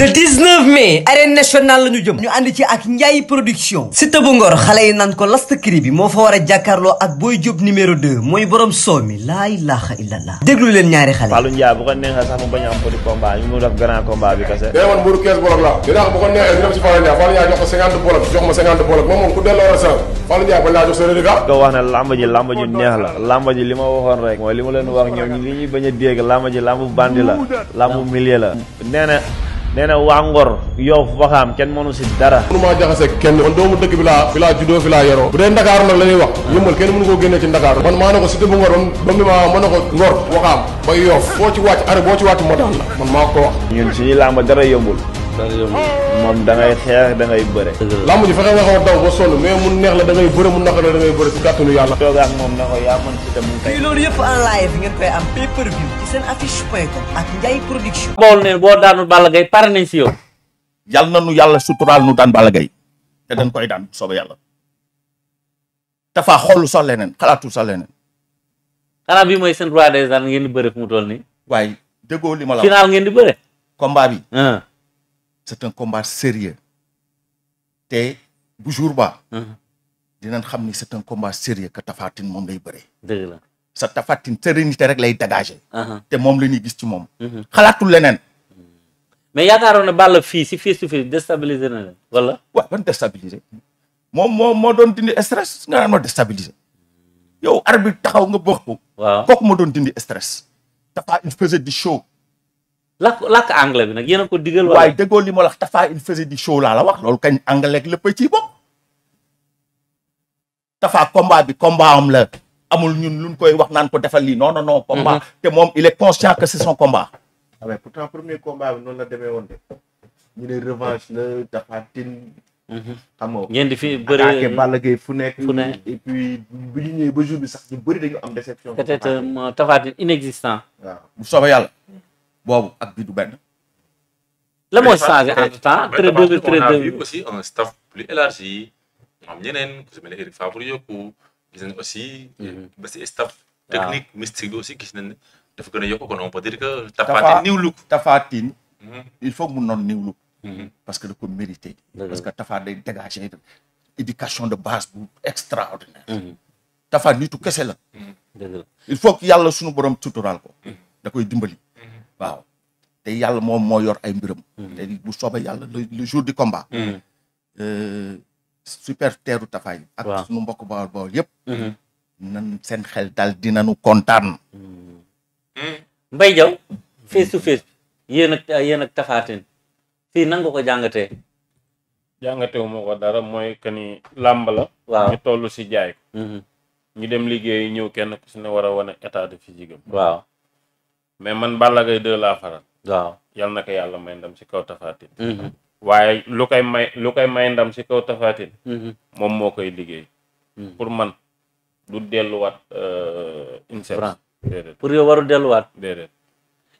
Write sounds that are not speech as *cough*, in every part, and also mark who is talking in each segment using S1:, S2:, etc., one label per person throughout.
S1: le 19 mai arène nationale la ñu jëm ñu ànd ci ak Ndiaye production Siteu bu Ngor xale yi nan ko last cri bi moo fa war a jàkkaarloo ak Boy Diop numéro 2 mooy borom soo mi laa ilaha illallah déglu leen ñaari xale Fallou Ndiaye bu neexee sax mu bañ a mu def grand combat bi kese day woon mburu 15 bolok la dina bu ko neexee ñu dem si Fallou Ndiaye Fallou Ndiaye jox ko 50 bolok jox la sa ah. ji lamba ji neex la lamba ji li ma waxoon rek mooy li ma la lambu millier la nee nee na waa Ngor Yoff Waxaam kenn mënu si dara mënu maa jaxase kenn man doomu dëkk bila laa fi laa juddoo fi laa yaroo bu dee Ndakaaru nag la ñuy wax yëmbal kenn mënu koo génnee ci Ndakaaru man maa ne ko si dëfu Ngor ba mu ma ma ne ko Ngor Waxaam ba Yoff boo ci wàcc are boo ci wàcc moo daan la man maa ko wax ñun suñu làmb dara yëmbul moom da ngay xeex da ngay bëre. lamb ji fexe nga ko daw ba sonn mais mu neex la da bëre mu naka la da ngay bëre ci kàttanu yàlla. toog ak moom na ko yaa mën si dem tey. loolu yëpp en boo daanu Balla Gaye
S2: pare nañ si yow. yal nu yàlla suturaal nu daan Balla Gaye te dañ koy daan soobee yàlla. dafa xool sax leneen xalaatu sax leneen. xanaa bi mooy
S3: seen roi des arènes ngeen di bëre fu mu toll nii. waaye déggoo li ma la. final ngeen di bëre.
S2: combat bi. Ah. c'est un combat sérieux te bu jour ba dinañ xam ni c'est un combat sérieux que Tapha moom lay bëree dëgg la sa Tapha Tine sérénité rek lay dégager te moom la ñuy gis ci moom
S3: xalaatul leneen mais yaakaaroon na Balla fii si face to face déstabiliser na leen wala waaw ban déstabiliser moom
S2: moo moo doon dindi stress nga naan ma déstabiliser yow arbitre taxaw nga bëx ko waaw ma doon dindi stress Tapha il faisait show
S3: làkk làkk anglais bi nag yéen a ko
S2: digal. waaye déggoo li ma wax Tapha il faisait di show laa la wax loolu kañ anglais ak lépp ciy bokk. Tapha combat bi combat la amul ñun luñ koy wax naan ko defal lii non non non. combat mm-hmm. te moom il est conscient que c'est son combat. waaw ah pourtant premier combat bi la demee woon de ñu ne revanche la Tapha Tine. Mm-hmm. xam nga ngeen di fi fu nekk. fu et puis bu ñu ñëwee ba jour bi sax ñu bëri dañu am déception. peut-être euh,
S3: Tapha yàlla.
S2: boobu ak bi du
S4: la moo changé entre ta très deux mille très deux mille aussi un staff plus élargi am ñeneen ku si mel ne Eric Favre yokku gis nañ aussi. Mhm. ba si staff. technique ah. mystique bi aussi gis nañ ne dafa gën a yokk kon on peut dire que. Tapha new
S2: look Tapha mhm. il faut mu noonu new look mhm. parce que da ko mérité. parce que Tapha day éducation de base bu extraordinaire. Tapha nitu kese la. il faut yàlla sunu borom suturaal ko. da koy dimbali. waaw te yàlla moom moo yor ay mbiram. Hmm. te bu soobee yàlla le jour du combat. Hmm. Euh, super teeru
S3: tafaay. ak
S2: suñu mbokk bawol bawol yëpp. Hmm. nan seen xel dina nu kontaan.
S3: Mbaye Diaw face to face yéen ak yéen ak tafaatin fii nan nga ko jàngatee.
S5: jàngatewu ma dara mooy que ni làmb la. waaw ñu si jaay ko. dem liggéey ñëw kenn ku si ne war a wane état de physique mais man Balla Gaye 2 la faral. waaw yal na yàlla may ndam ci kaw tafaatin. Mm-hmm. waaye lu koy may lu koy may ndam ci kaw tafaatin. Mm-hmm. moom moo koy liggéey. Mm-hmm. pour man du delluwaat euh, INSEP.
S3: pour yow waru delluwaat. déedéet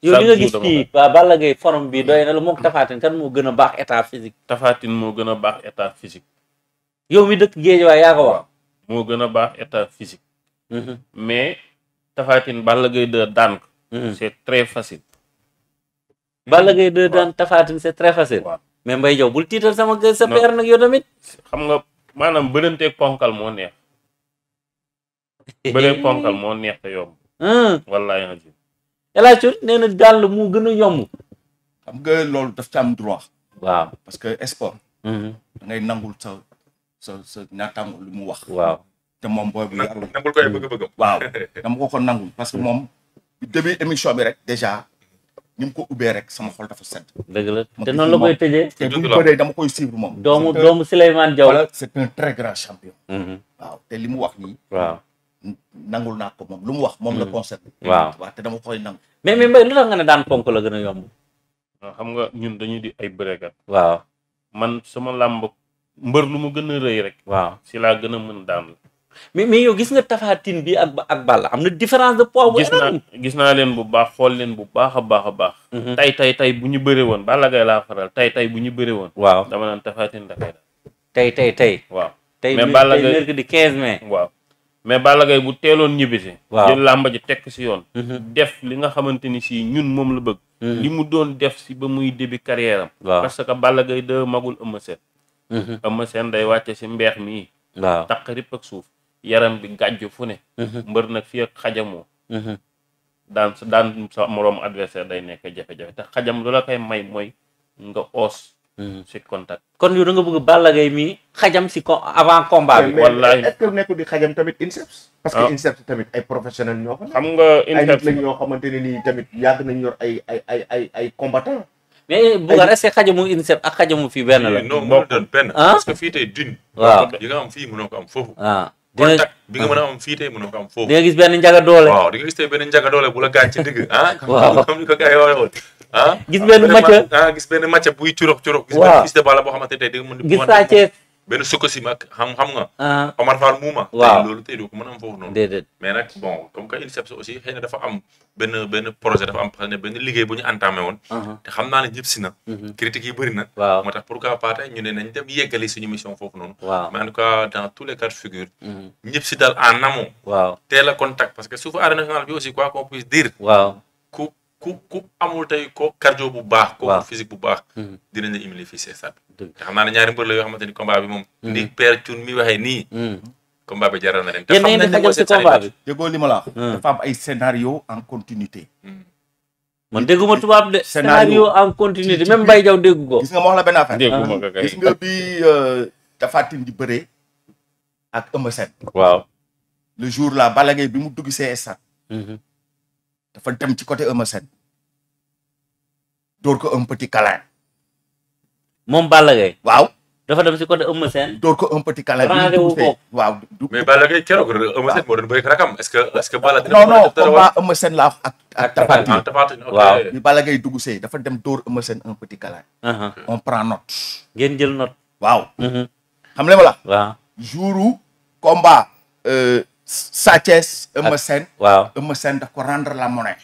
S5: yow li nga gis fii
S3: waa Balla Gaye forme bi doy na la moog kan moo gën a baax état physique. tafaatin moo gën a baax état physique. yow mi dëkk
S5: géej waaye yaa wax. moo gën a baax état physique. mais tafaatin Balla Gaye 2 daan c'est très facile. Balla Gaye
S3: 2 daan Tapha Tine c'est très facile.
S5: mais Mbaye Diaw bul tiital sama gë sa père nag
S3: yow tamit. xam nga maanaam
S5: bëranteeg ponkal moo neex. bëreeg ponkal moo neex te yomb. wallaay nga ji.
S3: El Hadj Diouf nee gën a yomb. xam nga loolu daf
S2: ci droit. waaw parce que sport. Mm-hmm. da ngay nangul sa sa sa naataango lu mu wax. waaw te moom boobu yàlla. nangul koy bëgg-bëggam. waaw dama ko nangul parce que moom. début émission bi rek déjà ni ko ubbee rek sama xol dafa sedd. dëgg la te noonu la koy tëjee. te bu ñu paree dama koy suivre moom. doomu doomu Souleymane la c'est un très grand champion.
S3: Mhm. waaw
S2: te li mu wax nii. waaw nangul naa ko moom lu mu wax moom la mhm. concerné. waaw waaw te dama koy nangu.
S3: mais mais Mbaye lu tax ne daan ponk la gën a yomb. xam nga ñun
S5: dañuy di ay bëreekat. waaw man sama làmb mbër lu mu gën a rëy rek. waaw si laa gën a mën daan mais mais yow gis nga tafaatin bi ak ak Balla am na différence de poids. bu gis naa gis naa leen bu baax xool leen bu baax a baax a baax. Mhm. tey tey tey bu ñu bëree woon Balla Gaye laa faral tey tey bu ñu bëree woon. waaw dama naan tafaatin da kay tey tey tey. waaw tey mais Balla Gaye waaw mais Balla Gaye bu teeloon ñibbisi. waaw jël làmba ji tekk si yoon. Mhm. def li nga xamante ni si ñun moom la bëgg. Mhm. li mu doon def si ba muy début carrière am. parce que Balla gay da magul Eumeu Sène. day wàcce si mbeex mii. waaw taq suuf. yaram bi gàjju fu ne mhm. mbër nag fii ak xajamoo mhm. daan sa daan sa moroom adversaire day nekk jafe-jafe te xajam lu la koy may mooy nga oos mhm. si contact
S3: kon yow da nga bëgg Balla Gaye mi xajam si ko avant combat bi wallaahi est-ce que nekkul di xajam tamit ah. ay professionnel ñoo fa nga
S2: INSEPS ñoo xamante ne nii tamit yàgg nañ yor ay ay ay ay ay combattant
S3: mais Bougar est-ce que xajamu INSEPS ak xajamu fii benn la non moo doon benn ah. parce que fii tey dune waaw
S4: yi nga contact bi nga ah. mën a am fii tey mën a ko am foofu. di nga gis
S3: benn njaga doole waaw di gis
S4: tey benn njaga doole bu la gaañ ci digg ah. *laughs* ni ko gars yi waxee gis benn match ah gis benn match buy curog curog. waaw gis benn ah, fils boo xamante di nga di. gis benn sokosim ak xam-xam nga. Ah. Omar Fall muuma. waaw loolu tey doo ko mën a am foofu noonu. déedéet mais nag bon comme que aussi xëy dafa am benn projet dafa am na benn liggéey bu ñu entamé woon. Uh-huh. xam naa ne ñëpp si na. Mm-hmm. critiques yi bëri na. waaw moo tax ñu ne nañ dem yeggali suñu mission foofu noonu. waaw mais en dans tous les cas de figure. Mm-hmm. daal en amont. a contact parce que suufu arène nationale bi aussi quoi qu'on puisse dire. waaw ku ku amul tey ko cardio bu baax. waaw ko physique bu baax. Mhm. dinañ la humilier fii c'est ça. te xam naa ne ñaari mbër la yoo xamante ni combat bi moom. Mhm. ni père Thioune mi waxee nii. Mhm. combat bi jaral na leen. te xam nañ ne ci combat bi.
S2: déggoo li ma la wax. dafa am ay scénario en continuité.
S3: man dégguma tubaab de.
S2: scénario en continuité même Mbaye Diaw déggu gis nga ma wax la benn affaire. dégguma ko gis nga bi euh, Tapha Tine ak Eumeu Sène. waaw le jour là Balla Gaye bi mu dugg CSA. dafa dem ci côté Eumeu Sène dóor ko un petit câlin.
S3: moom waaw dafa dem ci côté Eumeu ko un petit câlin.
S2: waaw
S4: mais Balla keroog Eumeu Sène moo doon bëri rakam que est que Balla dina non non combat
S2: Eumeu dafa dem dóor Eumeu Sène un uh-huh. on prend note. ngeen jël note. waaw. Mm-hmm. xam le ma la. waaw jouru Sa Thiès. Eumeu Sène waaw daf ko rendre la monnaie.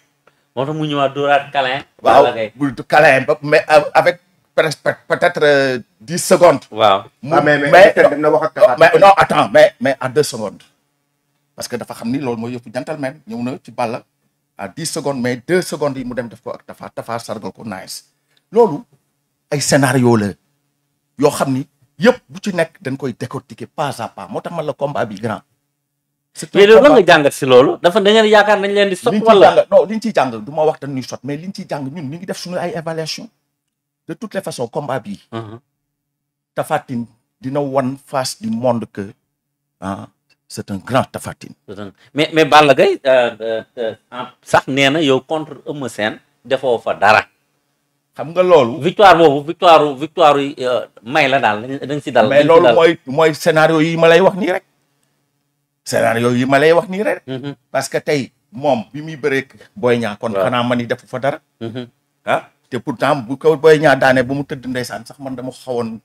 S2: moo tax mu ñëwaat dóoraat câlin. waaw bu câlin ba mais euh, avec presque peut-être euh, dix secondes. waaw ah, mais mais mais non attends mais mais à deux secondes. parce que dafa xam ni loolu mooy yëpp gentleman ñëw na ci Balla à dix secondes mais deux secondes yi mu dem def ko ak Tafa Tafa sargal ko nice loolu ay scénario la yoo xam ni yëpp bu ci nekk dañ koy décortiquer pas à pas moo tax man la combat bi grand. mais loolu nga jàngat si loolu dafa da yaakaar nañ leen di sot wala non li ñu ciy jàng du ma wax dañuy sot mais li ñu ciy jàng ñun ñu ngi def suñu ay évaluation de toutes les façons combat bii uh-huh. Tapha dina wan face du monde que ah un grand Tapha Tine
S3: mais mais Balla Gaye euh, euh, euh, sax nee na yow contre Eumeu Sène defoo fa dara xam nga loolu victoire boobu victoire victoire yi la daal dañ si dal mais loolu
S2: mooy scénario yi ma lay wax nii rek scénario yi ma lay wax nii rek. Mm-hmm. parce que tey moom bi muy bëreeg Boy Niang kon xanaa man ni defu fa dara. Mm-hmm. ah te pourtant bu ko booy Niang daane bu mu tëdd ndeysaan sax man dama xawoon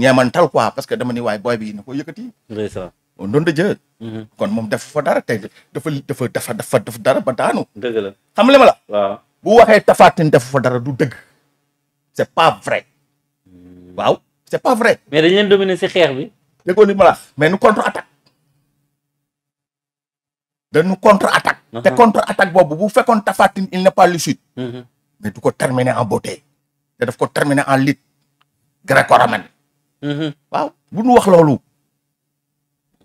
S2: ñeemantal quoi parce que dama waay waaye booy bi na ko yëkkati. ndeysaan ndonda jë mm-hmm. kon moom defu fa te tey dafa dafa dafa dafa def dara ba daanu. dëgg la xam le ma la. waaw bu waxee tafaatin defu fa dara du dëgg. c'est pas vrai. Mm. waaw c'est pas vrai. mais nu contre attaque. dañu contre attaque. Uh-huh. te contre attaque boobu bu fekkoon Tapha Tine il n'est pas lucide. Mm-hmm. mais du ko terminer en beauté. te daf ko terminer en lutte gréco-romaine. Mm-hmm. waaw bu nu wax loolu.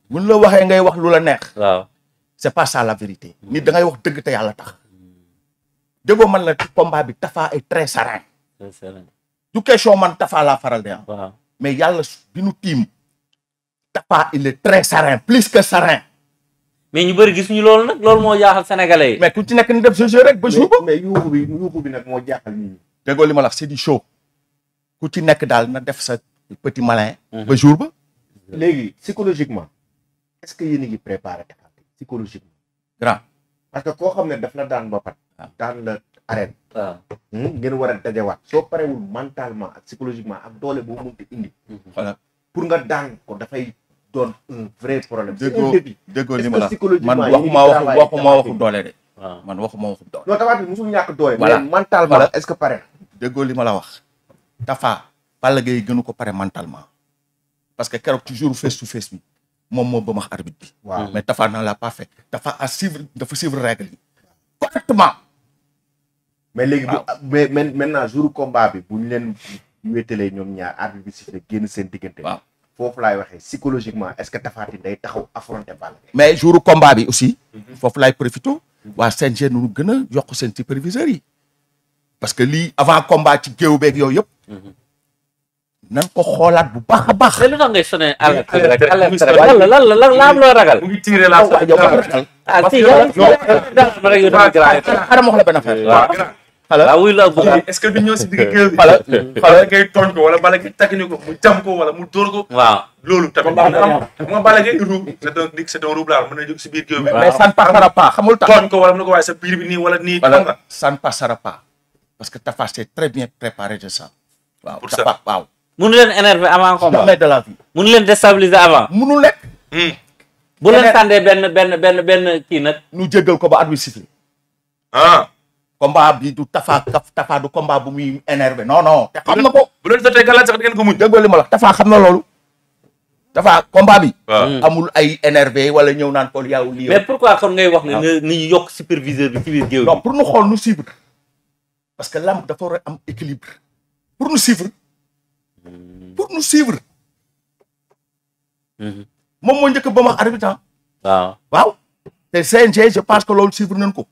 S2: bu nu la waxee ngay wax lu la neex. waaw c'est pas ça la vérité. nit da ngay wax dëgg te yàlla tax. déggoo man la combat bi Tapha est très serein. très serein du question man Tapha laa faral di am. waaw mais yàlla bi nu tiim. Tapha il est très serein plus que serein. mais ñu bëri gisuñu loolu nag loolu moo jaaxal sénégalais yi. mais ku ci nekk ni def jeu rek ba jour ba. mais yuuxu bi yuuxu bi nag moo jaaxal nit ñi. li ma la wax c'est du show ku ci nekk daal na def sa petit malin. Mhm. ba jour ba. léegi psychologiquement est-ce que yéen a ngi préparé psychologiquement. grand parce que koo xam ne daf la daan ba pat. daan la arène. waaw hmm? ngeen war a dajawaat. soo parewul mentalement ak psychologiquement ak doole boo mënti indi. Mhm. voilà pour nga daan ko dafay. doon un vrai problème. la man waxuma waxu waxuma doole de. Ah. man waxuma waxu doole. non Tapha Tine musul ñàkk doole. voilà mentalement est ce que pare na. déggoo li ma la wax. Tafa Balla Gaye gënu ko pare mentalement. parce que keroog toujours face to face bi moom moo bëmax arbitre bi. waaw hmm. mais Tafa na la pas fait. Tafa à suivre dafa suivre règle yi. mais léegi bu ah. mais maintenant jour combat bi bu ñu leen wéetalee ñoom ñaar arbitre bi si génn seen diggante. waaw. foofu laay waxee psychologiquement est-ce que Tapha Tine day taxaw affronter Balla Gaye mais jouru combat bi aussi. Mhm. foofu laay profité. waa CNG nu gën a yokk seen superviseurs yi. parce que lii avant combat ci géew beeg yooyu yëpp. nan ko xoolaat bu baax
S3: a baax. mais lu tax ngay sonné la lan la loo ragal. mu ngi la ah, ah, ah si yow.
S4: Ah, xala waaw wuyu la ak bëgg est-ce que du ñëw si ko wala bala ngay takk ni mu jam ko wala mu dóor ko. waaw loolu tamit mën na am xam nga bala biir kër ko wala mu ne ko waaye sa biir
S2: bi nii wala nii. voilà ça ne passera parce que Tapha c'est très bien préparé de ça.
S3: waaw Tapha waaw. mënu leen énerver avant combat. ma de la vie. leen déstabiliser avant. mënu lekk. leen hmm. tàndee benn benn benn kii nag. ñu jéggal ko ba at bi
S2: ah combat bi du tafaa Tafa du combat bu muy énervé non non. te xam na ko bu leen jotee gàllankoor sax ngeen ko muñ. déggoo li ma la Tafa xam na loolu. Tafa combat bi. Hmm. amul ay énervé wala ñëw naan ko yow lii. mais
S3: pourquoi kon ngay wax ne ah. ni yokk superviseur bi ci
S2: biir géew non pour nu xool nu suivre parce que lamb dafa a am équilibre pour nu suivre hmm. pour nu suivre. Hmm. moom moo njëkk ba ma arbitre ah. Ah. waaw je pense que loolu suivre nañ ko.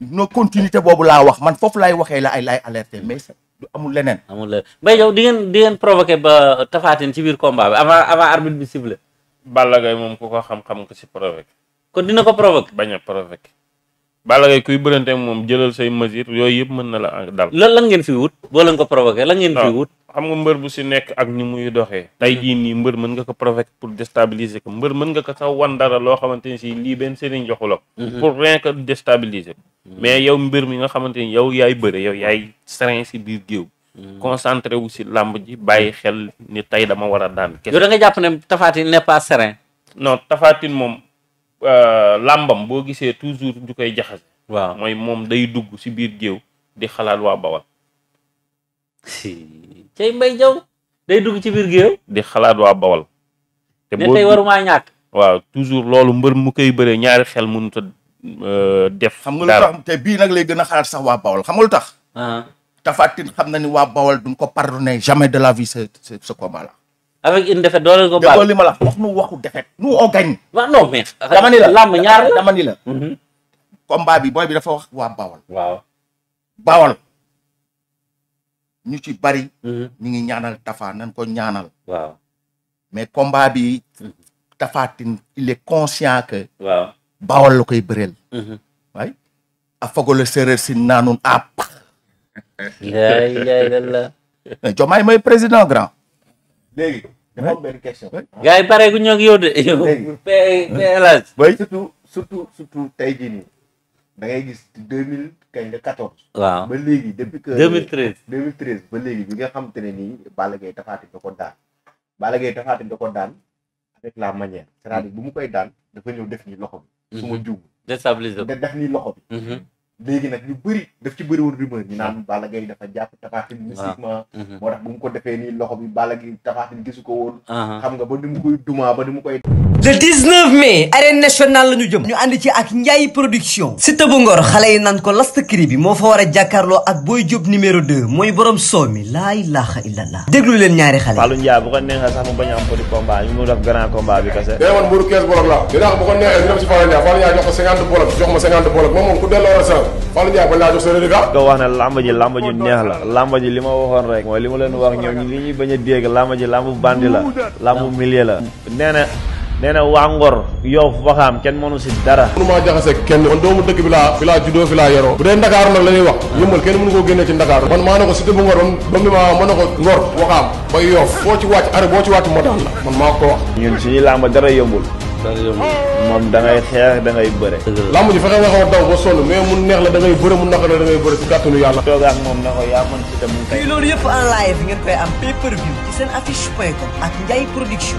S2: no continuité boobu laa wax man foofu laay waxee la ay laay alerté mais
S3: du amul leneen. amul leneen yow di ngeen di ngeen provoqué ba tafaatin ci biir combat bi avant avant arbitre bi ciblé. Balla
S5: Gaye moom ku ko xam-xam ko si provoqué. kon dina ko provoqué. bañ a provoqué. Balla Gaye kuy bërante ak moom jëlal say mesure yooyu yëpp mën na la dal. lan lan fi wut boo leen ko provoqué lan ngeen fi ah, wut. xam nga mbër bu si nekk ak ni muy doxee. tey jii nii mbër mën nga ko provoqué pour déstabiliser ko mbër mën nga ko sax wan dara loo xamante ni si lii benn sëriñ joxu mhm. pour rien que déstabiliser mhm. mais yow mbër mi nga xamante ni yow yaay bëre yow yaay serein si biir géew. Mhm. concentré wu si làmb ji bàyyi xel ni tey dama war a daan. kese da nga jàpp Euh, làmbam boo gisee toujours ñu koy jaxase. waaw mooy moom day dugg si biir géew di xalaat waa bawal. si cay mbay dugg ci biir géew. di xalaat waa bawal. te boo tey waruma ñàkk. waaw toujours loolu mbër mu koy bëree ñaari xel mënut a euh, def. xam nga lu
S2: te bii nag lay gën a xalaat sax waa bawal xam nga lu tax. Ah. Tapha Tine xam na ni waa bawal duñ ko pardonner jamais de la vie ce ce combat avec une défaite doo leen ko baal li ma la ñaar dama ni mhm. bi booy bi dafa wax waa Bawol. Bawol. ñu ci bari. Mhm. ñu ngi ñaanal Tafa nañ ko ñaanal. waaw mais combat bi Tapha Tine il est conscient que. waaw Bawol la koy bëreel. Mhm. waay a si naanun aap. yaay
S3: yaay
S2: président grand.
S3: léegi dafa am benn question. Ah. gars yi pare ku ñoo ngi de.
S2: léegi bay surtout surtout surtout tey jii nii da ngay gis deux mille kañ la quatorze. ba léegi depuis que. deux mille treize deux ba léegi bi nga xam te ne nii Balla Gaye Tapha Tine da ko daan Balla Gaye Tapha Tine daan avec la manière c'est-à-dire bu mu koy daan dafa ñëw def nii loxo bi. Mm-hmm. su ma juum
S3: déstabiliser def ni loxo bi. Mm-hmm.
S2: léegi nag ñu bëri def ci bëri woon rumeur ñu naan ah. Balla Gaye dafa jàpp Taphatine ah. mystiquement mhm. moo tax bu ko defee nii loxo bi Balla gi Taphatine gisu ko woon ah. xam nga ba ni mu koy dumaa ba ni mu koy
S1: le 19 mai arène nationale la ñu jëm ñu ànd ci ak Ndiaye production Siteu bu Ngor xale yi nan ko last cri bi moo fa war a jàkkaarloo ak Boy Diop numéro 2 mooy borom soomi laa ilaha illallah déglu leen ñaari xale Fallou Ndiaye bu neexee sax mu bañ a am petit combat ñu mu def grand combat bi kese day woon mburu 15 bolok la dinaa bu neexee si Fallou Ndiaye Fallou Ndiaye la sa Fallou Ndiaye bañ ah. ji neex la lamba ji li ma waxoon rek mooy li ma leen wax ñoom ñi li ñuy bañ la nee na waa Ngor Yoff Waxaam kenn mënu si dara mënu maa jaxase kenn man doomu dëkk bi laa fi laa juddoo fi laa yaroo bu dee Ndakaaru la ñuy wax yëmbal kenn mënu koo génnee ci Ndakaaru man maa ne ko si dëfu Ngor ba mu ne ko Ngor Waxaam ba Yoff boo ci wàcc are boo ci wàcc ma daan la man maa ko wax ñun suñu làmb dara yëmbul moom da xeex da ngay bëre làmb ji fexe nga xaw a daw ba sonn mais mun neex la da bëre mun naqar la da ngay bëre si kàttanu yàlla